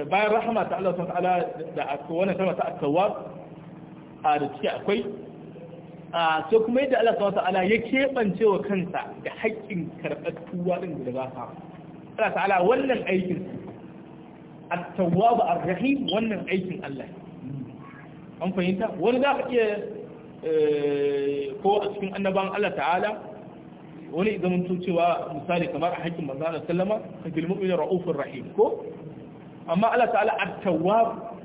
Speaker 1: bayan rahama ta Allah subhanahu da wannan kalma ta at-tawwab a da ciki akwai a sai kuma yadda Allah ta'ala ya keɓance wa kansa da haƙƙin karɓar tuwa ɗin da za ka Allah ta'ala wannan aikin at ba a rahim wannan aikin Allah an fahimta wani za ka iya Eh, ko a cikin annaban Allah ta'ala wani zaman to cewa misali kamar a hakkin manzo Allah sallama ka bil mu'min ra'ufur rahim ko amma Allah ta'ala at-tawwab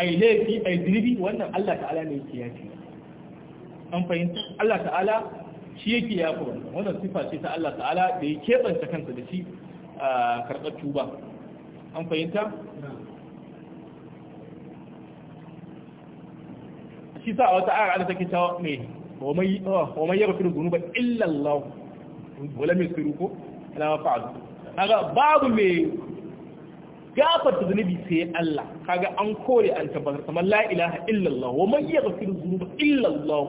Speaker 1: ai laifi ai dinibi wannan Allah ta'ala ne yake yafi an fahimta Allah ta'ala shi yake yafi wannan wannan sifa ce ta Allah ta'ala da ya kebanta kansa da shi a karɓar tuba an fahimta kisa sa wata ayar Allah take ta me wa mai oh, wa mai yaghfiru dhunuba illa Allah wala mai siruko ala fa'al kaga babu mai gafarta zunubi sai Allah kaga an kore an tabbatar kamar la ilaha illa Allah wa mai yaghfiru dhunuba illa Allah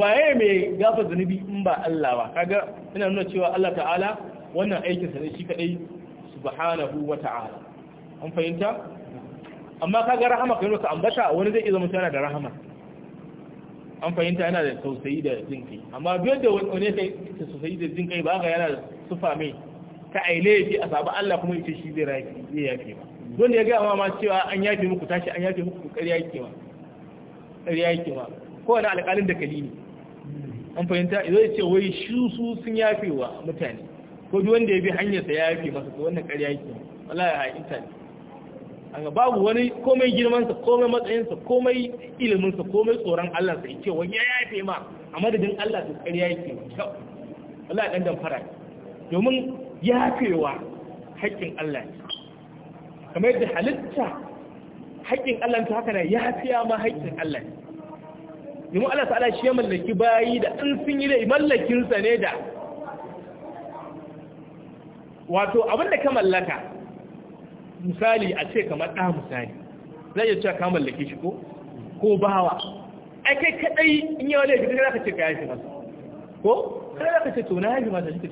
Speaker 1: waye mai gafarta zunubi in ba Allah ba kaga ina nuna cewa Allah ta'ala wannan aikin sa ne shi kadai subhanahu wa ta'ala an fahimta amma kaga rahama kai wata ambata wani zai iya zama tana da rahama an fahimta yana da tausayi da jin kai amma biyar da wani kai ta tausayi da jin kai ba ga yana da sufa mai ta aile yafi a sabu Allah kuma ce shi zai rafi zai yafi ba don ya ga ma cewa an yafi muku tashi an yafi muku ƙarya yake ma ƙarya yake ma ko wani alƙalin da kalili an fahimta idan ya ce wai shi su sun yafe wa mutane ko duk wanda ya bi hanyarsa ya yafe masa to wannan ƙarya yake wallahi ha intanet aka babu wani komai girmansa komai matsayinsa komai iliminsa komai tsoron Allah sai ce wani ya yafe ma a madadin Allah su ƙarya yake kyau Allah ɗan fara domin yafewa haƙƙin Allah kamar yadda halitta haƙƙin Allah ta haka na yafiya ma haƙƙin Allah domin Allah ta'ala shi ya mallaki bayi da an sun yi da mallakinsa ne da wato abin da ka mallaka misali a ce kamar ɗa misali zai yi cewa ka mallake shi ko ko bawa a kai kadai in yi wale kai zaka ce ka yashi masu. ko kai zaka ce to na yashi masu shi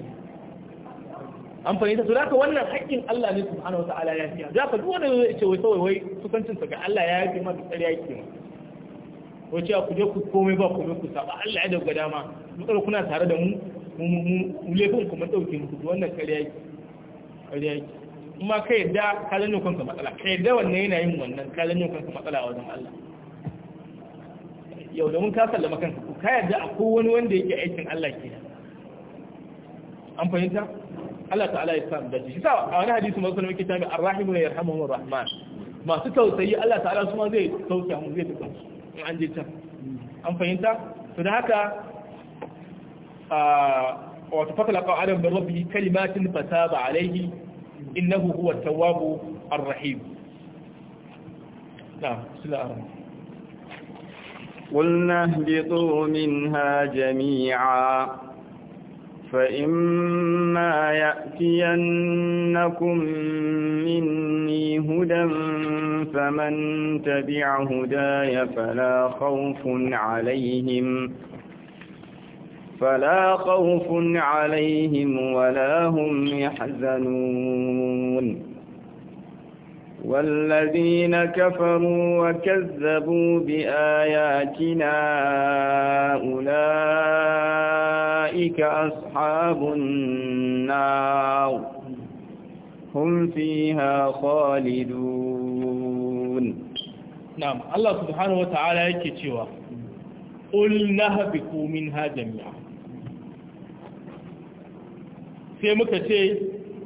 Speaker 1: Amfani ta to ka wannan haƙƙin Allah ne subhanahu wataala ya fiya zaka duk wanda zai ce wai kawai wai tukancin sa ga Allah ya yafi masa tsari yake ko cewa ku je ku komai ba komai ku saba Allah ya dauka dama mutsar kuna tare da mu mu lefin ku mun dauke muku wannan ƙarya ƙarya yake kuma ka yadda ka janyo kanka matsala ka yadda wannan yana yin wannan ka janyo kanka matsala a wajen Allah yau mun ka sallama kanka ku? ka yadda akwai wani wanda yake aikin Allah ke an fahimta Allah ta'ala ya samu dace shi sa a wani hadisi masu muke tabi arrahimu ya yarhamu rahman masu tausayi Allah ta'ala su ma zai tausaya mu zai tuka in an je can an fahimta to da haka wato fatala qa'adan bi rabbi kalimatin fataba alaihi إنه هو التواب الرحيم
Speaker 2: نعم بسم الله قلنا اهبطوا منها جميعا فإما يأتينكم مني هدى فمن تبع هداي فلا خوف عليهم فلا خوف عليهم ولا هم يحزنون والذين كفروا وكذبوا بآياتنا أولئك أصحاب النار هم فيها خالدون
Speaker 1: نعم الله سبحانه وتعالى يكتشوا قل نهبكوا منها جميعا sai muka ce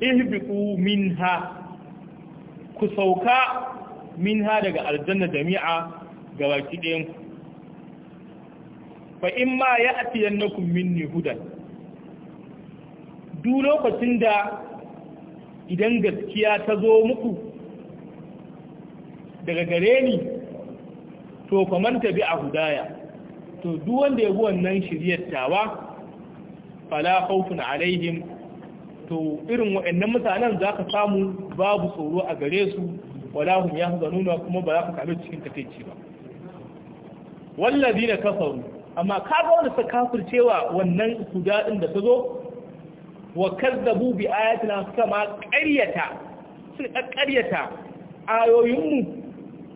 Speaker 1: ihbiqu minha ku sauka minha daga aljanna jami'a ga baki ɗayan ku fa in ma ya'tiyannakum minni hudan duk lokacin da idan gaskiya ta zo muku daga gare ni to ta bi a hudaya to duk wanda ya bi wannan shiryar tawa fala khawfun alaihim to irin wa'annan mutanen za ka samu babu tsoro a gare su wala hum nuna kuma ba za ka kame cikin takeici ba na kafaru amma ga wanda suka kafircewa wannan su din da tazo wa kazzabu bi ayatina suka ma ƙaryata ka ƙaryata ayoyinmu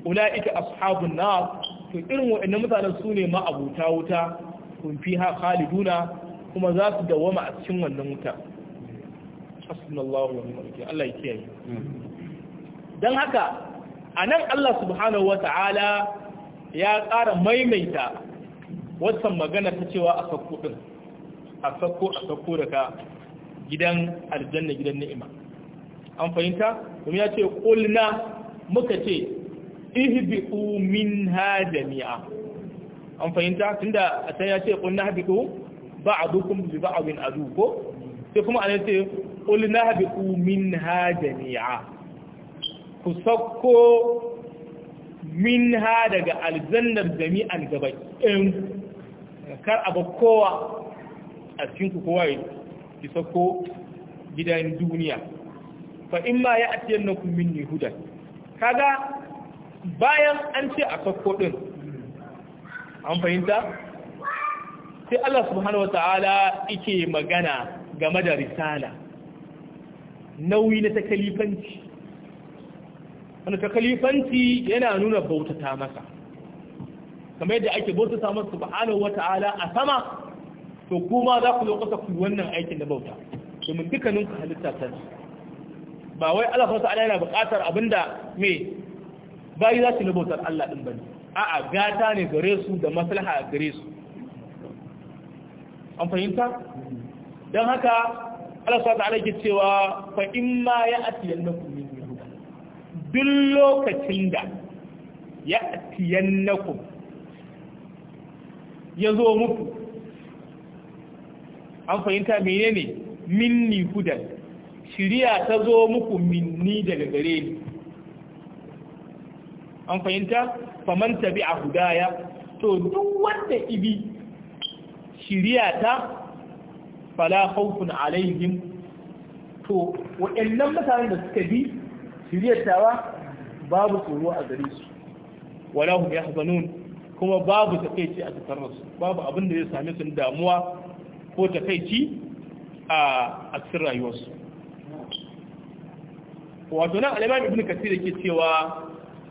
Speaker 1: ula'ika ashabun nar to irin waɗannan mutanen su ne ma abuta wuta kun fi ha khaliduna kuma za su dawama a cikin wannan wuta hasbunallahu wa ni'mal wakeel Allah ya kiyaye dan haka anan Allah subhanahu wata'ala ya ƙara maimaita wannan magana ta cewa a sakko din a sakko a sakko daga gidan aljanna gidan ni'ima an fahimta kuma ya ce qulna muka ce ihbi'u minha jami'a an fahimta tunda a sai ya ce qulna ihbi'u ba'dukum li ba'din adu ko sai kuma an ce ƙulna haɗu min ha jami'a ku sauko min ha daga aljannar jami'an gaba ɗin kar a kowa a cikinku kowa ya sauko gidan duniya fa in ma ya atiyar na min yahudan kaga bayan an ce a sauko ɗin an fahimta sai Allah subhanahu wa ta'ala ike magana game da risala nauyi na takalifanci wani takalifanci yana nuna bautata masa kamar yadda ake bautata masa subhanahu wata'ala a sama to kuma za ku zo kusa ku wannan aikin da bauta domin dukkanin ku halitta ta ba wai Allah fa ta'ala yana buƙatar abinda me bayi za su na bautar Allah din bane a'a gata ne gare su da maslaha gare su an fahimta don haka Allah sa ta'ala ke cewa fa in ma ya atiyannakum min huda duk lokacin da ya atiyannakum ya zo muku an fahimta menene minni hudan shiriya ta zo muku minni daga gare ni an fahimta faman tabi a hudaya to duk wanda ibi shiriya ta fala khawfun alaihim to waɗannan mutanen da suka bi shiryatawa tawa babu tsoro a gare su wala hum yahzanun kuma babu takeici a tsakanin su babu abin da zai same su damuwa ko takeici a cikin rayuwarsu wato nan al Ibn Kathir yake cewa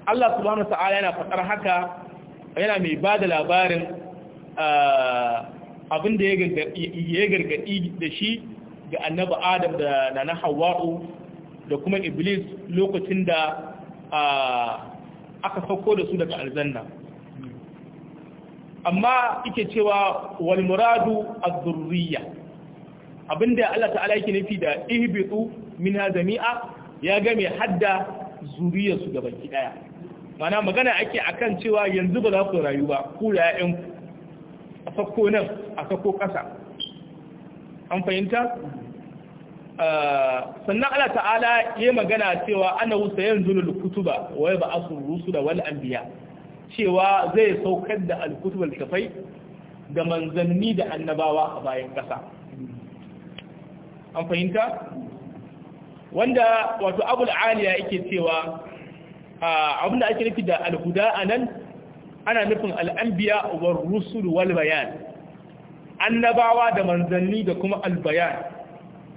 Speaker 1: Allah subhanahu wa ta'ala yana faɗar haka yana mai ba da labarin ah, Abinda da ya gargaɗi da shi ga annaba adam da nana hawa'u da kuma iblis lokacin da aka sauko da su daga alzanna amma ike cewa wal muradu az-zurriya abinda Allah ta'ala yake nufi da ihbitu min hazami'a ya ga mai hadda zuriyarsu gaba ki daya mana magana ake akan cewa yanzu ba za ku rayu ba ku da a sako nan a sako ƙasa an fahimta ah, sannan al'a ta'ala ya magana cewa ana wusa yin zulul kutuba wa ya ba'asu da wani anbiya cewa zai saukar da alkutubal kafai da manzanni da annabawa a bayan ƙasa an fahimta wanda wato abul aliya yake cewa ah, abinda ake nufi da alhuda a nan. ana nufin al'ambiya wa rusul wal bayan annabawa da manzanni da kuma albayan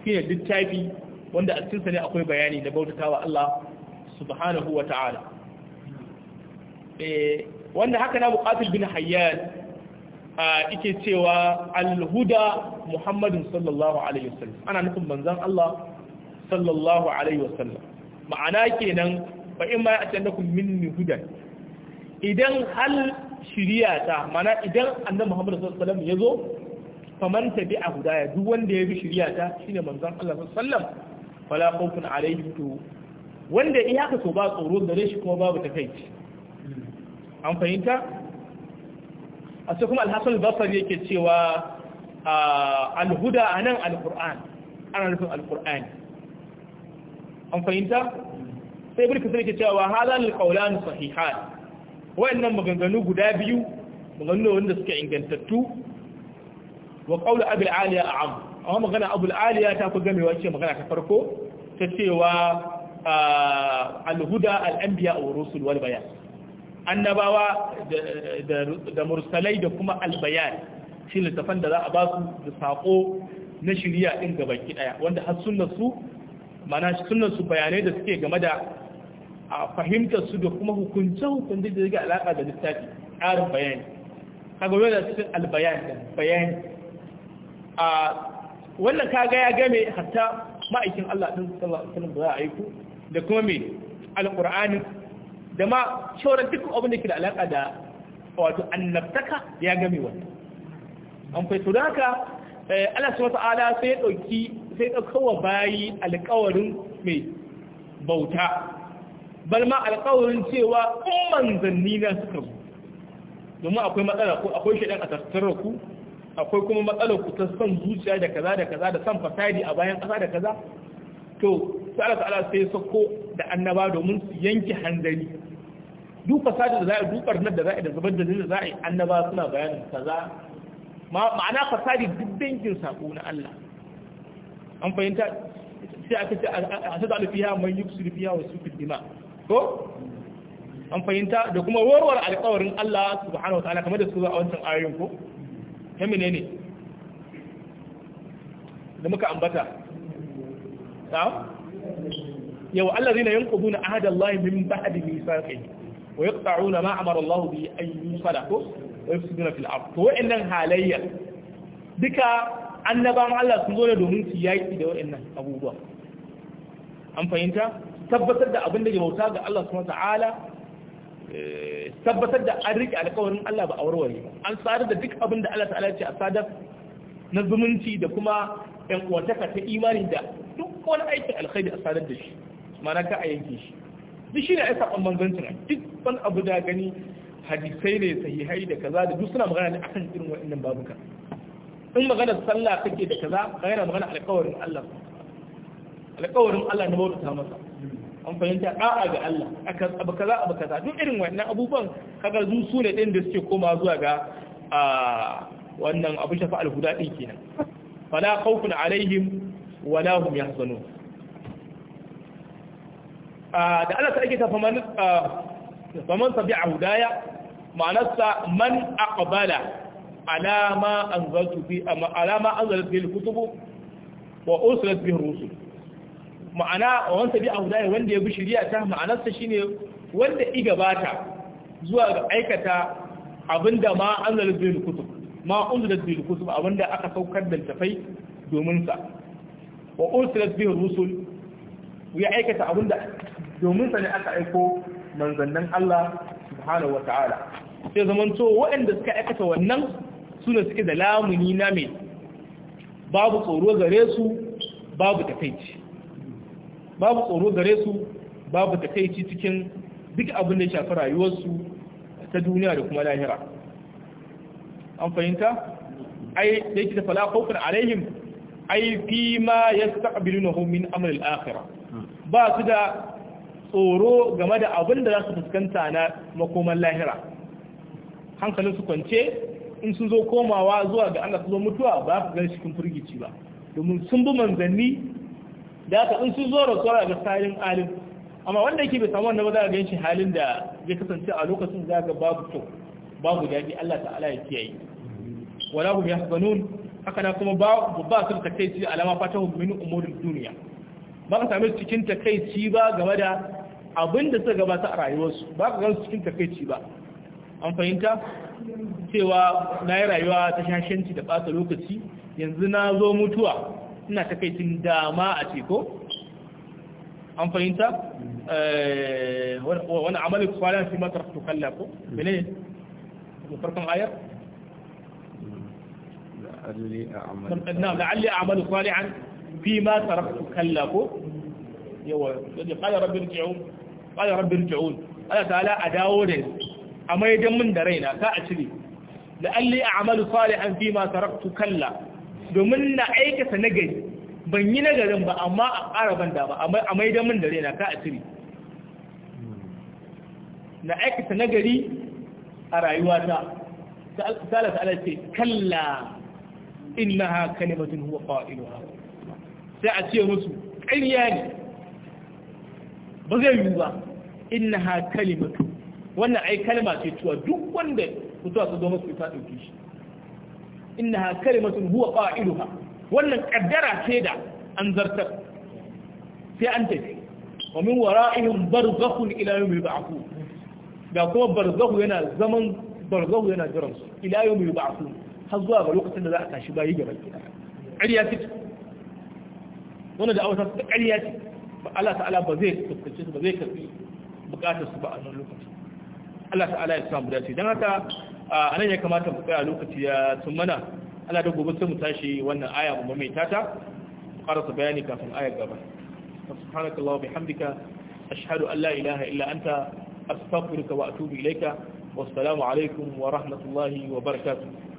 Speaker 1: shi ne littafi wanda a cikinsa ne akwai bayani da bautatawa Allah subhanahu wa ta'ala eh, wanda haka na buƙatar bin hayyan a ike cewa alhuda muhammadin sallallahu alaihi wasallam ana nufin manzan Allah sallallahu alaihi wasallam ma'ana kenan fa in ma ya atannakum minni hudan idan hal shirya ta mana idan annabi Muhammad sallallahu ya zo, yazo faman tabi a hudaya duk wanda ya bi shirya ta shine manzan Allah sallallahu wala kofin fala khawfun alaihi to wanda in haka so ba tsoro gare shi kuma babu ta takeici an fahimta a sai kuma al-Hasan al-Basri yake cewa al a nan Alkur'an, ana nufin al an fahimta sai ibn kasir ke cewa hadha al-qawlan sahihan wayannan maganganu guda biyu maganganu wanda suka ingantattu wa qawl abul aliya a'am amma magana abul aliya ta fi gamewa ce magana ta farko ta cewa al-huda al-anbiya wa rusul wal bayan annabawa da mursalai da kuma al-bayan shi littafan da za a ba su da sako na shirya din gabaki daya wanda har sunnar su mana sunnar su bayanai da suke game da a fahimtar su da kuma hukunce hukunce da zai alaka da littafi ƙarin bayani kaga wani da cikin albayan bayani a wannan kaga ya game hatta ma'aikin Allah ɗin sallallahu alaihi da za a aiko da kuma mai alƙur'ani da ma shauran duk abin da ke da alaka da wato annabtaka ya game wata. an fai su haka eh, Allah subhanahu ta'ala sai ya dauki sai ya dauko bayi alƙawarin mai bauta bal ma alƙawarin cewa in manzanni na suka zo domin akwai matsala ko akwai shaɗan a tattarar ku akwai kuma matsala ku ta son zuciya da kaza da kaza da son fasadi a bayan ƙasa da kaza to sai Allah ta'ala sai sako da annaba domin su yanke hanzari duk fasadi da za a dukar nan da za a da zubar da zai za a yi annaba suna bayanin kaza ma'ana fasadi duk dangin sako na Allah an fahimta sai aka ce a sai da alfiya mai yusri fiya wa sufil dima' ko an fahimta da kuma warwar alƙawarin Allah subhanahu wataala kamar da su a wancan ayoyin ko ta menene da muka ambata ta yau zina yanquduna ahada Allah min ba'di mithaqihi wa yaqta'una ma amara Allah bi an yusala ko wa yufsiduna fil ard to wa'annan halayya duka annabawan Allah sun zo ne domin su yaki da wa'annan abubuwa an fahimta tabbatar da abin da ke bauta ga Allah subhanahu ta'ala eh, tabbatar da an rike alƙawarin Allah ba a warware an sadar da duk abin da Allah ta'ala ce a sadar na zumunci da kuma ƴan uwataka ta imani da duk wani aikin alkhairi a sadar da shi ma'ana ka a yanke shi duk shi ne ai saƙon manzancin duk wani abu da gani hadisai ne sahihai da kaza da duk suna magana ne akan irin waɗannan babuka in magana sallah take da kaza yana magana alƙawarin Allah alƙawarin Allah na bauta masa an fahimta da'a ga Allah abu kaza abu kaza duk irin wannan abubuwan kaga zu su ne ɗin da suke koma zuwa ga wannan abu shafa al-huda din kenan fala khawfun alaihim wala hum yahzanun da Allah ta ake ta faman faman tabi'a hudaya ma'anarsa man aqbala alama anzaltu fi alama anzalat bihi al-kutub wa uslat bihi rusul ma'ana a wanda bi audai wanda ya bi shari'a ta ma'anarsa shine wanda i gabata zuwa ga aikata abinda ma anzal bil kutub ma unzil bil kutub abinda aka saukar da tafai domin sa wa ursilat bihi rusul ya aikata abinda domin sa ne aka aiko manzannin Allah subhanahu wataala sai to waɗanda suka aikata wannan suna suke da lamuni na mai babu tsoro gare su babu tafaici babu tsoro gare su babu takaici cikin duk abin da ya shafi rayuwarsu ta duniya da kuma lahira an fahimta ai da yake fala khawfun alaihim ai fi ma yastaqbilunahu min amr al-akhirah ba su da tsoro game da abin da za su fuskanta na makoman lahira hankalin su kwance in sun zo komawa zuwa ga Allah su zo mutuwa ba su gan cikin firgici ba domin sun bi manzanni da aka in sun zo rasuwa ga halin alim amma wanda yake bai samu wanda ba za a ganshi halin da ya kasance a lokacin za ga babu to babu daɗi Allah ta'ala ya kiyaye wala hum yahzanun haka na kuma ba ba su ci alama fatahu min umurid duniya ba ka samu cikin ci ba game da abin da suka gabata a rayuwarsu ba ka gan cikin ci ba an fahimta cewa na yi rayuwa ta shashanci da ɓata lokaci yanzu na zo mutuwa ina takaicin dama a ce ko an fahimta wani amalin kwanan fi matar su kalla ko bene ne farkon ayar la'alli amalu salihan fi ma taraktu kalla ko yawa yaje qala rabbi irji'un qala rabbi irji'un Allah ta'ala a dawo da a maidan min da raina ka a cire la'alli a'malu salihan fi ma taraktu kalla domin na aikata nagari ban yi nagarin ba amma a ƙara ban dama a maida min da raina ka a cire na aikata nagari a rayuwata sa'ala ta ce kalla innaha kalimatun huwa ha sai a ce musu ƙarya ne ba zai yi ba innaha kalimatu wannan ai kalma ce cewa duk wanda mutuwa su zo masu ita ɗauki shi إنها كلمة هو قائلها ولن قدر سيدا أنذرت في أنت ومن ورائهم برزخ إلى يوم يبعثون لأقوى برزخ هنا زمن برزخ هنا جرمس إلى يوم يبعثون حظوا بالوقت أن لا أتاش بايه جبل علياتك wannan da awata ta ƙarya ce ba Allah ta'ala ba zai fuskace su ba zai a nan ya kamata mu tsaya lokaci ya tun mana ana da gobe sai mu tashi wannan aya mu mai tata mu karasa bayani kafin aya gaba subhanakallah wa bihamdika ashhadu an la ilaha illa anta astaghfiruka wa atubu ilayka wassalamu alaikum wa rahmatullahi wa barakatuh